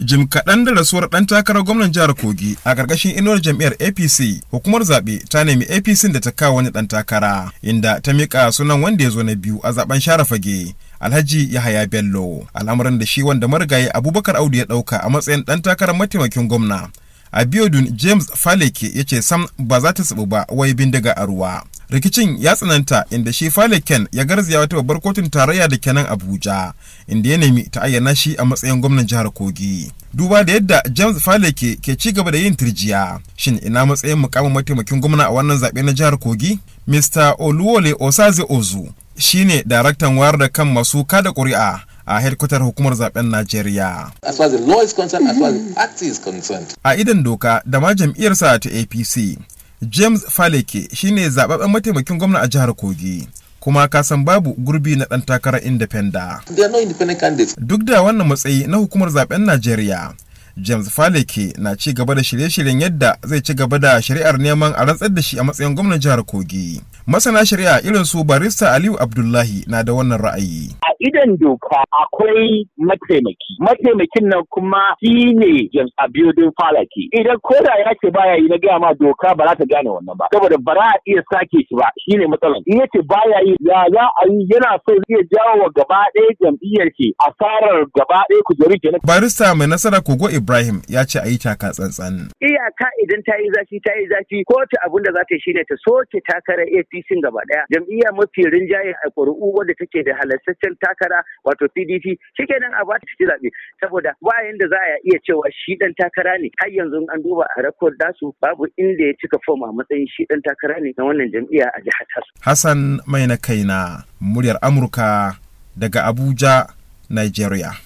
jim kaɗan da rasuwar ɗan takarar gwamnan jihar kogi a ƙarƙashin inuwar jam'iyyar apc hukumar zaɓe ta nemi apc da ta kawo wani ɗan takara inda ta miƙa sunan wanda ya zo na biyu a zaɓen share fage Alhaji Yahaya Bello al'amarin da shi wanda marigayi Abubakar Audu ya ɗauka a matsayin ɗan takarar mataimakin gwamna. Abiodun James Faleke ya ce sam ba za ta saɓu ba wai bindiga a ruwa. rikicin ya tsananta inda shi faleken ya garzaya wata babbar kotun tarayya da kenan abuja inda ya nemi ta ayyana shi a matsayin gwamnan jihar kogi duba da yadda james faleke ke ci gaba da yin turjiya, shin ina matsayin mukamin mataimakin gwamna a wannan zaɓe na jihar kogi mr oluwole osaze ozu shine daraktan wayar da kan masu kada ƙuri'a a hedkwatar hukumar zaben Najeriya. A idan doka da ma jam'iyyarsa ta APC, james faleke shine zababben mataimakin gwamna a jihar kogi kuma ka san babu gurbi na ɗan takarar independa duk da wannan matsayi na hukumar zaben najeriya james faleke na ci gaba da shirye-shiryen yadda zai ci gaba da shari'ar neman a rantsar da shi a matsayin gwamnan jihar kogi masana shari'a irin su barista aliyu abdullahi na da wannan ra'ayi idan doka akwai mataimaki mataimakin nan kuma shi ne James don Falaki idan koda ya ce baya yi na gaya ma doka ba za ta gane wannan ba saboda ba za a iya sake shi ba shi ne matsalan in yace baya yi ya za a yi yana so zai jawo wa gaba ɗaya jam'iyyar shi asarar gaba ɗaya kujeru kenan. Barista mai nasara Kogo Ibrahim ya ce a yi taka tsantsan. Iyaka idan ta yi zafi ta yi zafi ko ta abin da za ta yi shine ta soke takarar APC gaba ɗaya jam'iyya mafi rinjaye a ƙuri'u wadda take da halassaccen ta takara wato PDP shikenan a bata ci zaɓe saboda ba yanda za a iya cewa shi dan takara ne har yanzu an duba a rakon dasu babu inda ya cika fom a matsayin shi dan takara ne na wannan jam'iyya a jihar tasu. Hassan mai na kaina muryar Amurka daga Abuja, Nigeria.